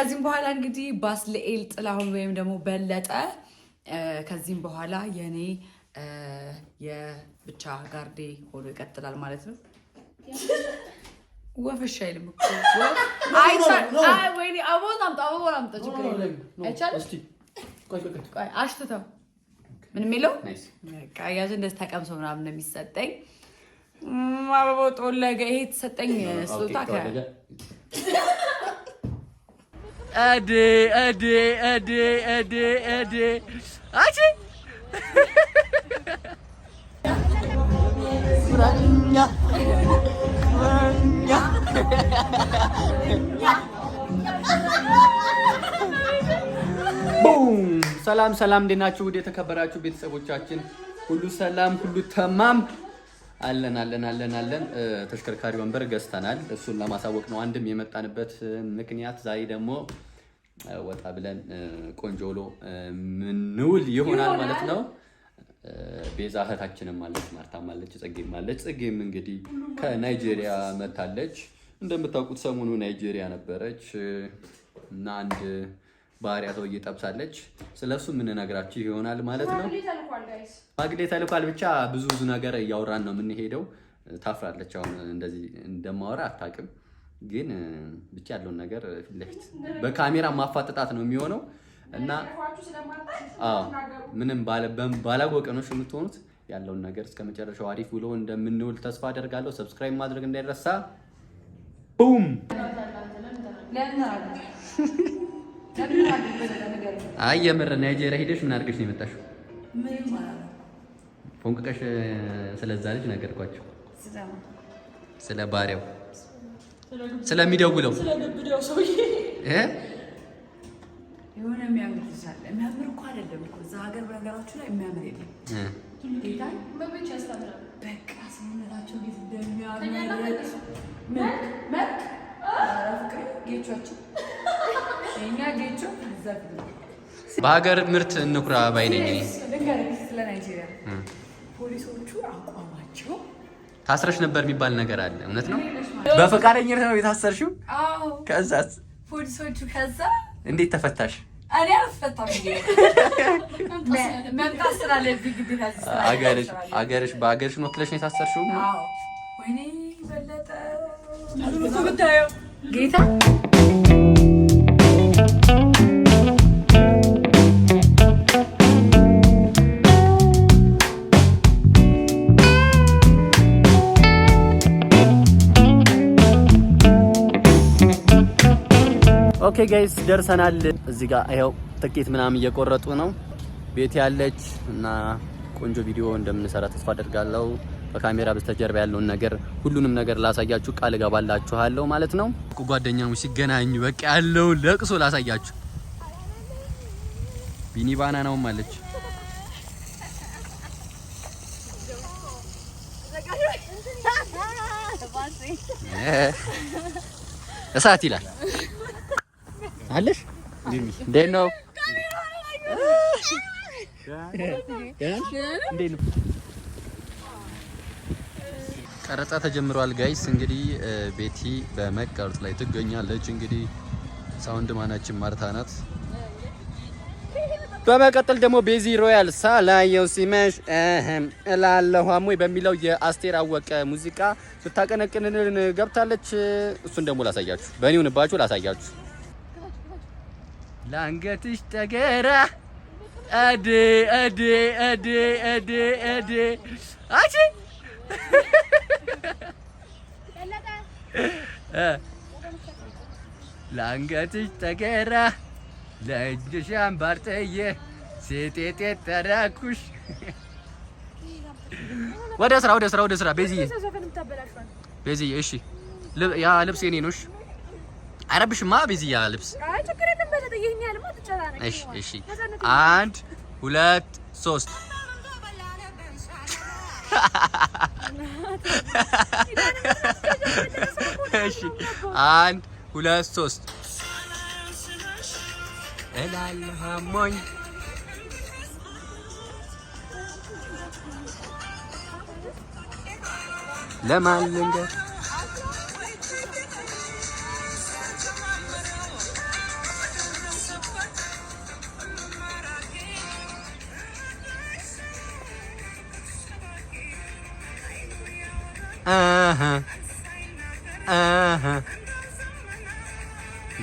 ከዚህም በኋላ እንግዲህ ባስልኤል ጥላሁን ወይም ደግሞ በለጠ ከዚህም በኋላ የእኔ የብቻ ጋርዴ ሆኖ ይቀጥላል ማለት ነው። ወፍሻ አይልም እኮ ወይኔ አበባውን አሽትተው ምንም የለው ያዥ እንደዚህ ተቀምሶ ምናምን ነው የሚሰጠኝ። አበባው ጦለገ። ይሄ የተሰጠኝ ስጦታ እዴ እዴ እዴ እዴ እዴ አቺ ሰላም ሰላም፣ እንዴት ናችሁ? ውድ የተከበራችሁ ቤተሰቦቻችን ሁሉ ሰላም ሁሉ ተማም አለን አለን አለን አለን ተሽከርካሪ ወንበር ገዝተናል። እሱን ለማሳወቅ ነው አንድም የመጣንበት ምክንያት። ዛሬ ደግሞ ወጣ ብለን ቆንጆ ውሎ ምንውል ይሆናል ማለት ነው። ቤዛ እህታችንም አለች፣ ማርታም አለች፣ ጽጌም አለች። ጽጌም እንግዲህ ከናይጄሪያ መታለች። እንደምታውቁት ሰሞኑ ናይጄሪያ ነበረች እና አንድ ባህሪያ እየጠብሳለች ጠብሳለች። ስለሱ የምንነግራችሁ ይሆናል ማለት ነው። ሽማግሌ ተልኳል። ብቻ ብዙ ብዙ ነገር እያወራን ነው የምንሄደው። ታፍራለች። አሁን እንደዚህ እንደማወራ አታውቅም፣ ግን ብቻ ያለውን ነገር ፊት ለፊት በካሜራ ማፋጠጣት ነው የሚሆነው እና ምንም ባላወቀ ነው የምትሆኑት። ያለውን ነገር እስከ መጨረሻው አሪፍ ውሎ እንደምንውል ተስፋ አደርጋለሁ። ሰብስክራይብ ማድረግ እንዳይረሳ። ቡም አይ የምር ናይጄሪያ ሄደሽ ምን አድርገሽ ነው የመጣሽው? ፎንቅቀሽ ስለዛ ልጅ ነገርኳቸው። ስለ ባሪያው ስለሚደውለው የሆነ የሚያምር ልጅ የሚያምር እኮ አይደለም እኮ እዛ ሀገር በነገራችሁ ላይ የሚያምር የለም። በቃ ስንላቸው ጊዜ እንደሚያምር መልክ መልክ ጌቻችን በሀገር ምርት እንኩራ ባይነኝ ፖሊሶቹ አቋማቸው ታስረሽ ነበር የሚባል ነገር አለ። እውነት ነው? በፈቃደኝነት ነው የታሰርሽው? ከዛ ፖሊሶቹ ከዛ እንዴት ተፈታሽ? እኔ አልፈታም። መምጣት ስላለብኝ ግዴታ አገርሽ በአገርሽ ወክለሽ ነው የታሰርሽው። ወይኔ በለጠ ጉዳዩ ጌታ ኦኬ ጋይስ ደርሰናል። እዚህ ጋር ይኸው ትኬት ምናምን እየቆረጡ ነው። ቤት ያለች እና ቆንጆ ቪዲዮ እንደምንሰራ ተስፋ አደርጋለሁ። በካሜራ በስተጀርባ ያለውን ነገር ሁሉንም ነገር ላሳያችሁ ቃል እገባላችኋለሁ ማለት ነው። ጓደኛሞች ሲገናኙ በቃ ያለው ለቅሶ ላሳያችሁ። ቢኒ ነው ማለች እሳት ይላል አለሽ እንዴት ነው? ቀረጻ ተጀምሯል ጋይስ። እንግዲህ ቤቲ በመቀረጽ ላይ ትገኛለች። እንግዲህ ሳውንድ ማናችን ማርታ ናት። በመቀጠል ደግሞ ቤዚ ሮያል ሳላየው ሲመሽ እህም እላለሁ ሀሙይ በሚለው የአስቴር አወቀ ሙዚቃ ስታቀነቅንን ገብታለች። እሱን ደግሞ ላሳያችሁ፣ በእኔ ሁንባችሁ ላሳያችሁ ላንገትሽ ጠገራ አዴ አዴ አዴ አዴ አዴ አቺ ላንገትሽ ጠገራ ለእጅሽ አምባር ጥዬ ሴቴቴ ጠራኩሽ። ወደ ስራ ወደ ስራ ወደ ስራ ቤዝዬ ቤዝዬ። እሺ ያ ልብስ የኔ ነው። እሺ አረብሽማ ቤዝያ ልብስ። እሺ እሺ፣ አንድ ሁለት ሶስት አንድ ሁለት ሶስት እላለሁ ለማን ልንገር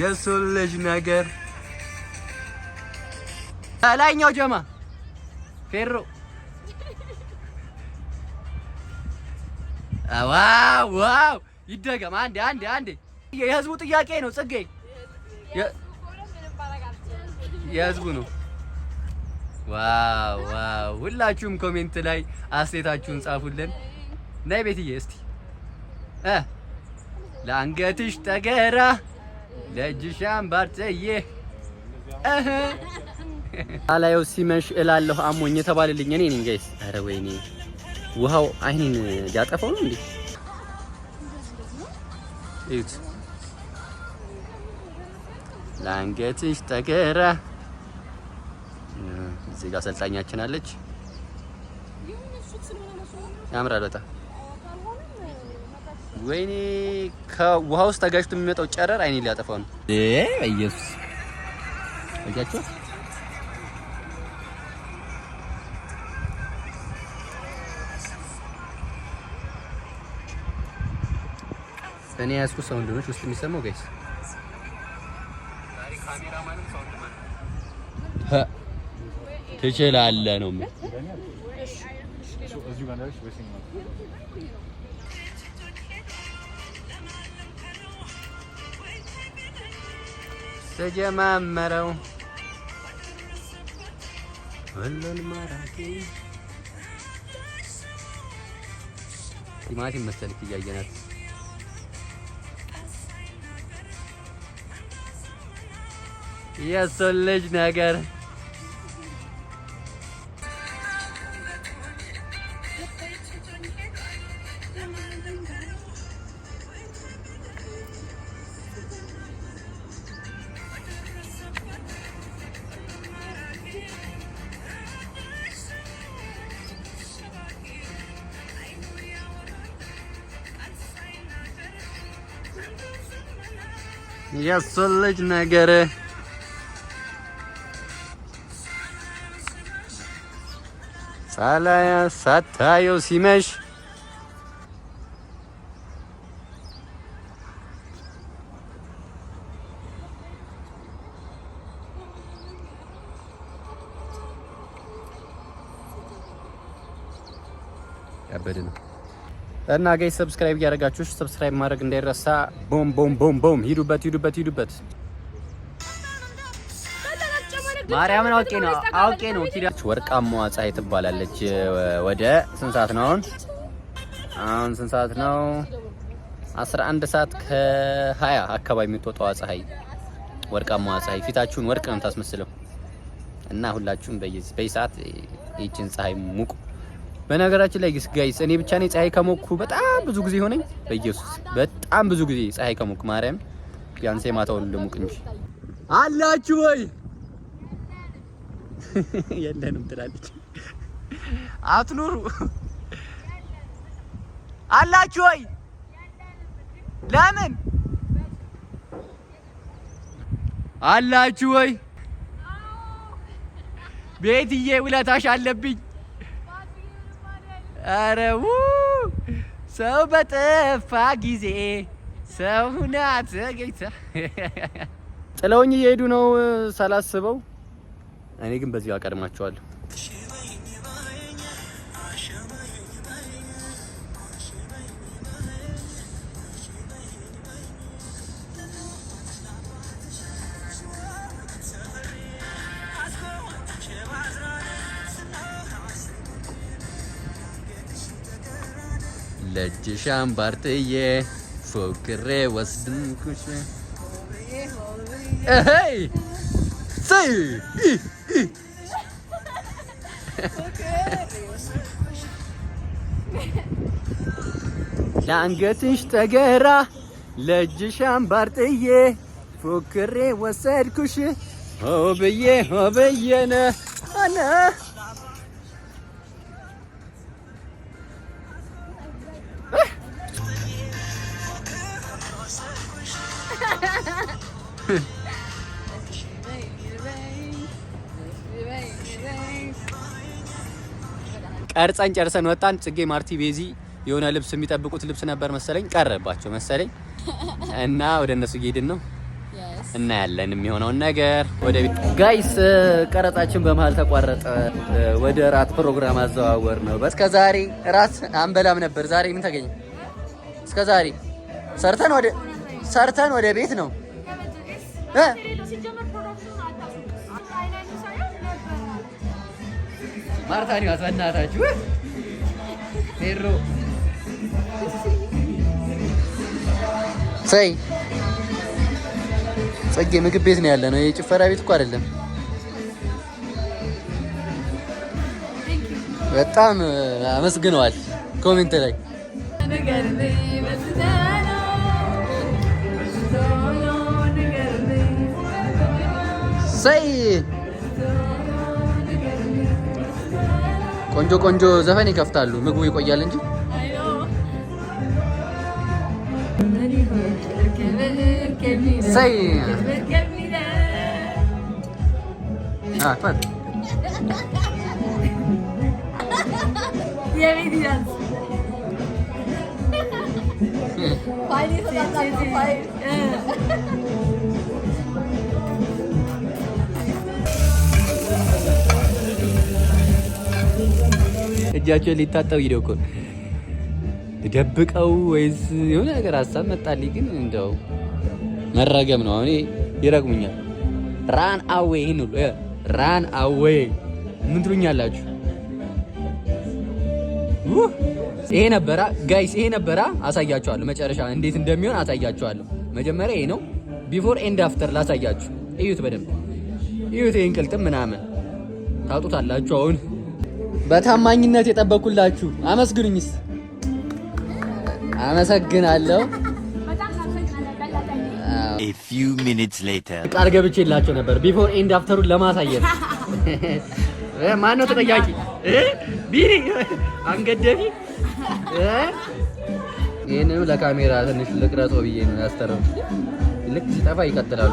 የሱ ልጅ ነገር ላይኛው ጀማ ፌሮ ዋው ዋው! ይደገም አንዴ አንዴ አንዴ። የህዝቡ ጥያቄ ነው። ጽጌ የህዝቡ ነው። ዋው ዋው! ሁላችሁም ኮሜንት ላይ አስተያየታችሁን ጻፉልን። ነይ ቤትዬ እስቲ ለአንገትሽ ጠገራ ለእጅሽ አምባር ጥዬ አላየው ሲመሽ እላለሁ አሞኝ የተባለልኝ እኔ ነኝ ጋይስ። አረ ወይኔ ውሃው አይኔን ያጠፋው ነው እንዴ? እዩት። ለአንገትሽ ጠገራ። እዚህ ጋር አሰልጣኛችን አለች። ያምራል በጣም ወይኔ ከውሃ ውስጥ ተጋጭቶ የሚመጣው ጨረር አይኔ ሊያጠፋው ነው። በኢየሱስ አያቸው። እኔ ያዝኩት ሰው እንደሆነች ውስጥ የሚሰማው ጋይስ ትችላለህ ነው ተጀማመረው ወሎን ማራኪ ቲማቲም መሰልክ እያየናት የእሱን ልጅ ነገር Я солидна горе. Salaya satayo simeş. Ya bedenim. እና ጋይ ሰብስክራይብ እያደረጋችሁ ሰብስክራይብ ማድረግ እንዳይረሳ። ቦም ቦም ቦም ቦም። ሂዱበት፣ ሂዱበት፣ ሂዱበት። ማርያምን አውቄ ነው አውቄ ነው። ወርቃማዋ ፀሐይ ትባላለች። ወደ ስንት ሰዓት ነው አሁን? አሁን ስንት ሰዓት ነው? 11 ሰዓት ከ20 አካባቢ የምትወጣው ፀሐይ፣ ወርቃማዋ ፀሐይ ፊታችሁን ወርቅ ነው ታስመስለው እና ሁላችሁም በየሰዓት ይችን ፀሐይ ሙቁ። በነገራችን ላይ ጋይስ እኔ ብቻ ነኝ ፀሐይ ከሞኩ በጣም ብዙ ጊዜ ሆነኝ። በኢየሱስ በጣም ብዙ ጊዜ ፀሐይ ከሞኩ ማርያም፣ ቢያንስ የማታውን ልሙቅ እንጂ አላችሁ ወይ? የለንም ትላለች። አትኑሩ አላችሁ ወይ? ለምን አላችሁ ወይ? ቤትዬ ውለታሽ አለብኝ። አረው ሰው በጠፋ ጊዜ ሰው ሁና ተገኝታ ጥለውኝ እየሄዱ ነው ሳላስበው። እኔ ግን በዚህ አቀድማቸዋለሁ። دجش امبارتي فكري واسدنكش إيه، هاي سي لانجتش تجارة لجش امبارتي فكري واسدنكش هو بيه هو بيه انا انا ቀርጸን ጨርሰን ወጣን። ጽጌ ማርቲ ቤዚ የሆነ ልብስ የሚጠብቁት ልብስ ነበር መሰለኝ፣ ቀረባቸው መሰለኝ እና ወደ እነሱ እየሄድን ነው እና ያለን የሚሆነውን ነገር ወደ ጋይስ። ቀረጻችን በመሀል ተቋረጠ። ወደ እራት ፕሮግራም አዘዋወር ነው። እስከ ዛሬ እራት አንበላም ነበር። ዛሬ ምን ተገኘ? እስከ ዛሬ ሰርተን ወደ ሰርተን ወደ ቤት ነው ማርታ ኒዋስ በእናታችሁ ፌሮ ሰይ ጸጌ ምግብ ቤት ነው ያለ ነው የጭፈራ ቤት እኮ አይደለም። በጣም አመስግነዋል ኮሜንት ላይ ሰይ ቆንጆ ቆንጆ ዘፈን ይከፍታሉ። ምግቡ ይቆያል እንጂ እጃቸው ሊታጠብ ሂደው እኮ ደብቀው ወይስ የሆነ ነገር ሀሳብ መጣልኝ። ግን እንደው መረገም ነው። አሁን ይረግሙኛል። ራን አዌ ይህን ሁሉ ራን አዌ ምን ትሉኛላችሁ? ይሄ ነበራ ጋይስ፣ ይሄ ነበራ። አሳያችኋለሁ መጨረሻ እንዴት እንደሚሆን አሳያችኋለሁ። መጀመሪያ ይሄ ነው ቢፎር ኤንድ አፍተር ላሳያችሁ። እዩት፣ በደንብ እዩት። ይህን ቅልጥም ምናምን ታጡታላችሁ አሁን በታማኝነት የጠበኩላችሁ አመስግኑኝስ። አመሰግናለሁ። A few minutes ቃል ገብቼላቸው ነበር ቢፎር ኤንድ አፍተሩን ለማሳየት። ማነው ተጠያቂ? ቢኒ አንገደፊ። ይህንንም ለካሜራ ትንሽ ልቅረጾ ብዬ ነው ያስተረው። ልክ ሲጠፋ ይቀጥላሉ።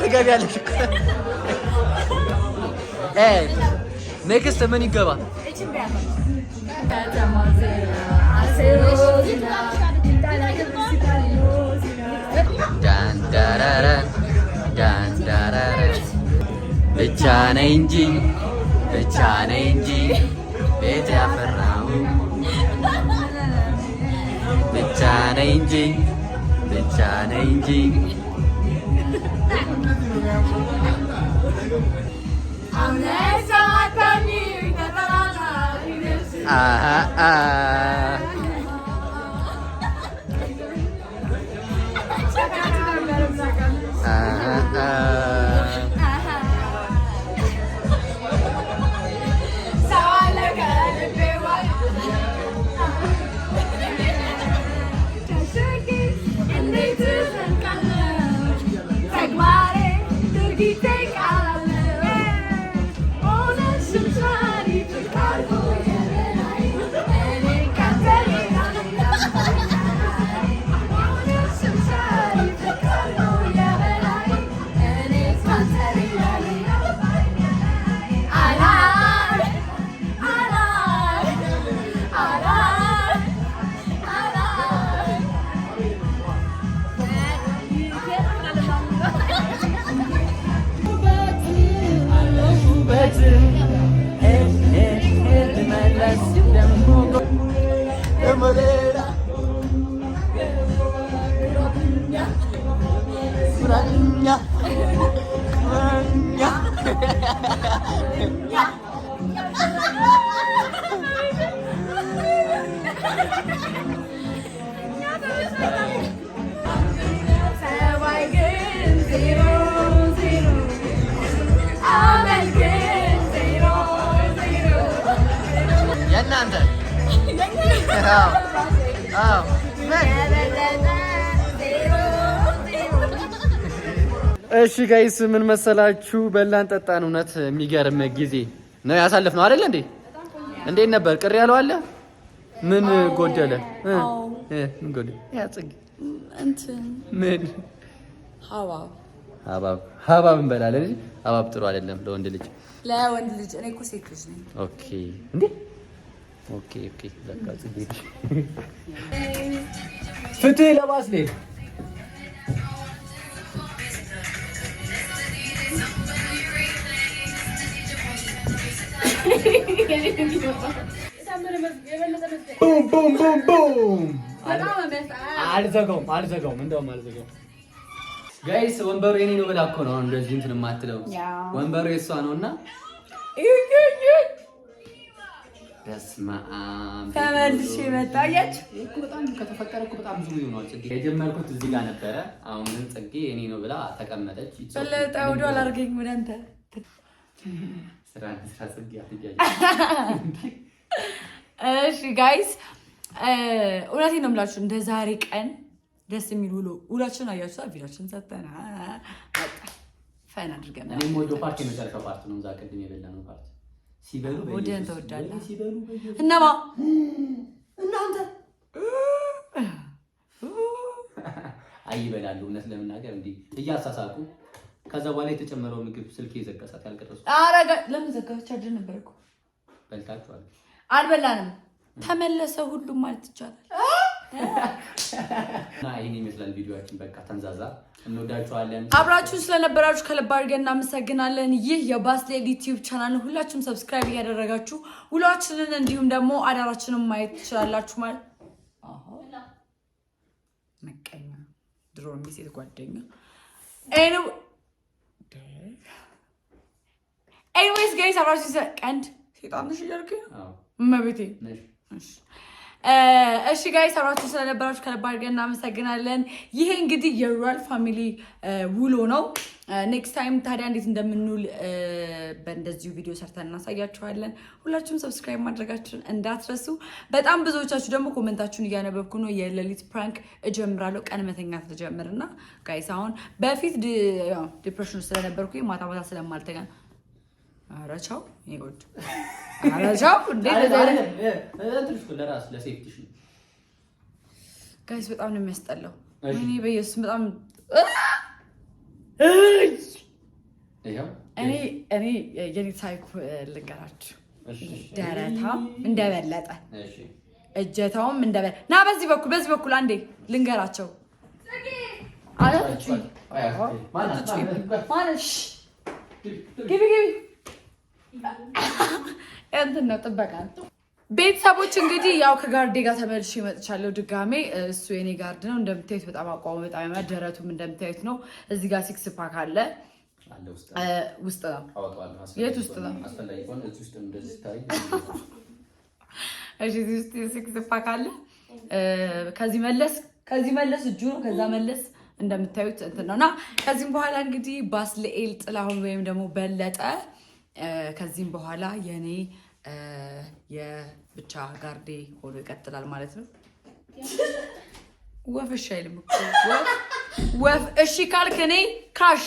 ትገቢያለሽ። ኔክስት ምን ይገባ? ብቻ ነኝ እንጂ ብቻ ነኝ እንጂ ቤት ያፈራው ብቻ ነኝ እንጂ the challenging. Aha, aha. እሺ ጋይስ ምን መሰላችሁ፣ በላን ጠጣን። እውነት የሚገርም ጊዜ ነው ያሳለፍነው አይደል እንዴ? እንዴት ነበር? ቅር ያለው አለ? ምን ጎደለ? ምን ጎደለ? ምን ሀባብ ሀባብ ሀባብ እንበላለን። ሀባብ ጥሩ አይደለም ለወንድ ልጅ፣ ለወንድ ልጅ። እኔ እኮ ሴት ልጅ ነኝ። ኦኬ እንዴ ኦኬ ኦኬ በቃ ጽጌ ፍትህ ለባስ ነኝ። አልዘጋውም አልዘጋውም እንደውም አልዘጋውም። ጋይስ ወንበሩ የኔ ነው ብላ እኮ ነው እንደዚህ እንትን የማትለው ወንበሩ የእሷ ነው እና ተመልሼ መጣሁ። አያችሁ በጣም በጣም ብዙ ጽጌ የጀመርኩት እዚህ ጋር ነበረ። አሁን ግን ጽጌ ነው ብላ ተቀመጠች። ጠውዶ አላርገኝ አንተ ስራ ስራ ጽጌ እሺ ጋይስ እውነቴን ነው የምላችሁ፣ እንደ ዛሬ ቀን ደስ የሚል ውሎ ውላችን አያችሁ። ቪዲዮችን ሰጠና እኔም ወደ ፓርቲ ፓርቲ ነው። እዛ ቅድም የበላነው ፓርቲ ሲበሉ ወደን እነማ እናንተ እውነት ለመናገር እንዲህ እያሳሳቁ ከዛ በኋላ የተጨመረው ምግብ ስልክ ይዘጋሳት ያልቀረሱ ለምን ዘጋች? አድር ነበር እኮ በልታችኋል። አልበላንም። ተመለሰ ሁሉም ማለት ይቻላል። እና ይህን ይመስላል ቪዲዮችን። በቃ ተንዛዛ። እንወዳችኋለን። አብራችሁ ስለነበራችሁ ከልብ አድርገን እናመሰግናለን። ይህ የባስሌል ዩቲዩብ ቻናል ነው። ሁላችሁም ሰብስክራይብ እያደረጋችሁ ውሏችንን እንዲሁም ደግሞ አዳራችንን ማየት ትችላላችሁ። ማለት መቀኛ ድሮ ሴት ጓደኛ ኤኒዌይስ ጋይስ አብራችሁ ቀንድ ሴጣንሽ እያልክ መቤቴ እሺ ጋይ ሰራችሁ ስለነበራችሁ ከልብ አድርገን እናመሰግናለን። ይሄ እንግዲህ የሮያል ፋሚሊ ውሎ ነው። ኔክስት ታይም ታዲያ እንዴት እንደምንውል በእንደዚሁ ቪዲዮ ሰርተን እናሳያችኋለን። ሁላችሁም ሰብስክራይብ ማድረጋችሁን እንዳትረሱ። በጣም ብዙዎቻችሁ ደግሞ ኮመንታችሁን እያነበብኩ ነው። የሌሊት ፕራንክ እጀምራለሁ ቀን መተኛት ተጀምርና ጋይስ፣ አሁን በፊት ዲፕሬሽን ስለነበርኩ ማታ ማታ ስለማልተኛ ኧረ ቻው ይወድ ኧረ ቻው ጋይስ በጣም ነው የሚያስጠላው። እኔ በኢየሱስ በጣም እኔ እኔ የኔ ታሪክ ልንገራችሁ። ደረታም እንደበለጠ እጀታውም እንደበለ ና በዚህ በኩል በዚህ በኩል አንዴ ልንገራቸው ግቢ ግቢ እንትን ነው ጥበቃ። ቤተሰቦች እንግዲህ ያው ከጋርዴ ጋር ተመልሼ እመጥቻለሁ ድጋሜ። እሱ የኔ ጋርድ ነው እንደምታዩት፣ በጣም አቋሙ በጣም ያማደረቱም እንደምታዩት ነው። እዚህ ጋር ሲክስ ፓክ አለ ውስጥ ነው። የት ውስጥ ነው? እዚህ ውስጥ ሲክስ ፓክ አለ። ከዚህ መለስ ከዚህ መለስ እጁ ነው። ከዛ መለስ እንደምታዩት እንትን ነው እና ከዚህም በኋላ እንግዲህ ባስልኤል ጥላሁን ወይም ደግሞ በለጠ ከዚህም በኋላ የኔ የብቻ ጋርዴ ሆኖ ይቀጥላል ማለት ነው። ወፍ እሺ አይልም እኮ ወፍ እሺ ካልክ እኔ ካሽ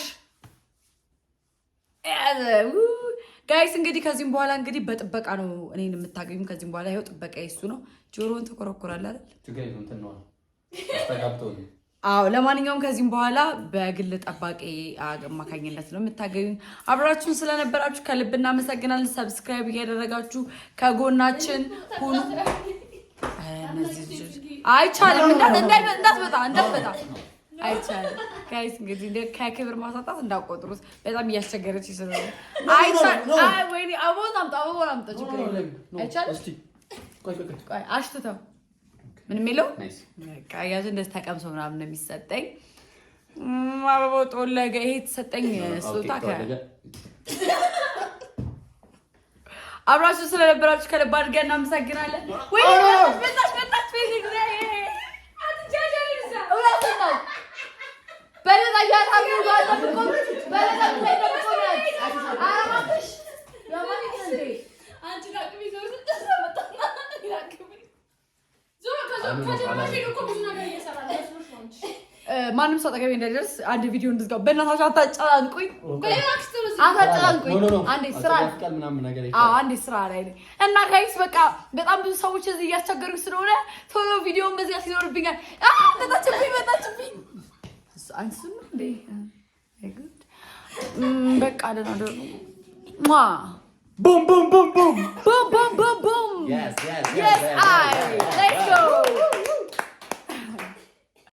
ጋይስ እንግዲህ ከዚህም በኋላ እንግዲህ በጥበቃ ነው እኔን የምታገኙ። ከዚህም በኋላ ይኸው ጥበቃ የሱ ነው። ጆሮን ተኮረኩራል አይደል? ነው አስተጋብቶ አዎ ለማንኛውም ከዚህም በኋላ በግል ጠባቂ አማካኝነት ነው የምታገኙ። አብራችሁን ስለነበራችሁ ከልብ እናመሰግናለን። ሰብስክራይብ እያደረጋችሁ ከጎናችን ሁኑ። አይቻልም፣ እንዳትመጣ እንዳትመጣ፣ አይቻልም። ጋይስ እንግዲህ ከክብር ማሳጣት እንዳቆጥሩት በጣም እያስቸገረች ስለሆነ አይቻልም። ወይኔ አበቦን አምጣ፣ አበቦን አምጣ፣ ችግር የለም። አይቻልም። አሽትተው ምን የሚለው ያዙ እንደዚህ ተቀምሶ ምናምን ነው የሚሰጠኝ። አበባው ጠወለገ። ይሄ የተሰጠኝ ስጦታ አብራችሁ ስለነበራችሁ ከልብ አድርገን እናመሰግናለን። ማንም ሰው አጠገቤ እንዳይደርስ አንድ ቪዲዮ እንድዝጋው። በእናታችሁ አታጫንቁኝ አታጨናንቁኝ። አንዴ ስራ ላይ እና ጋይስ፣ በቃ በጣም ብዙ ሰዎች እዚህ እያስቸገሩ ስለሆነ ቶሎ ቪዲዮን በዚህ ሲኖርብኛል። በጣችብኝ በጣችብኝ በቃ ደህና ደሩ Boom, boom, boom, boom. boom, boom, boom, boom. Yes, yes, yes. Yes, yes I. Yes, yes, Let's go.